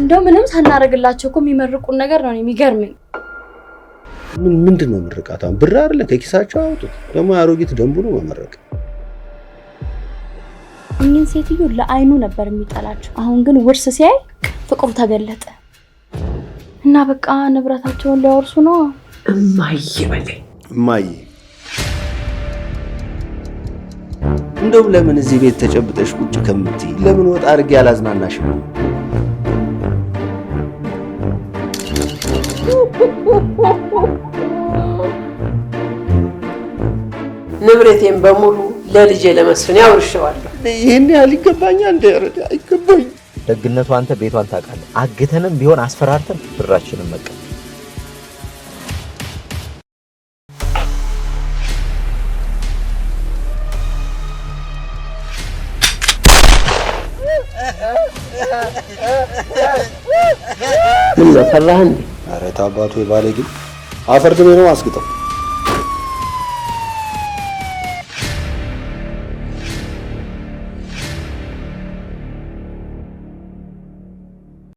እንደው ምንም ሳናደርግላቸው እኮ የሚመርቁን ነገር ነው የሚገርመኝ። ምን ምንድን ነው ምርቃት? አሁን ብር አይደለ ከኪሳቸው አውጡት። ደግሞ አሮጊት ደንቡ ነው መመረቅ። እኝን ሴትዮ ለአይኑ ነበር የሚጠላቸው። አሁን ግን ውርስ ሲያይ ፍቅሩ ተገለጠ እና በቃ ንብረታቸውን ሊያወርሱ ነው። እማዬ በለኝ እማዬ። እንደውም ለምን እዚህ ቤት ተጨብጠሽ ቁጭ ከምትይ ለምን ወጣ አድርጌ ያላዝናናሽ ንብረቴን በሙሉ ለልጄ ለመስፍን ያውርሸዋለሁ። ይህን ያህል ይገባኛል፣ እንዳይረዳ አይገባኝ። ደግነቱ አንተ ቤቷን ታውቃለህ። አግተንም ቢሆን አስፈራርተን ብራችንን መቀ ምን ፈራህ እንዴ? ኧረ የታባቱ የባሌ ግን አፈርድሜ ነው አስግጠው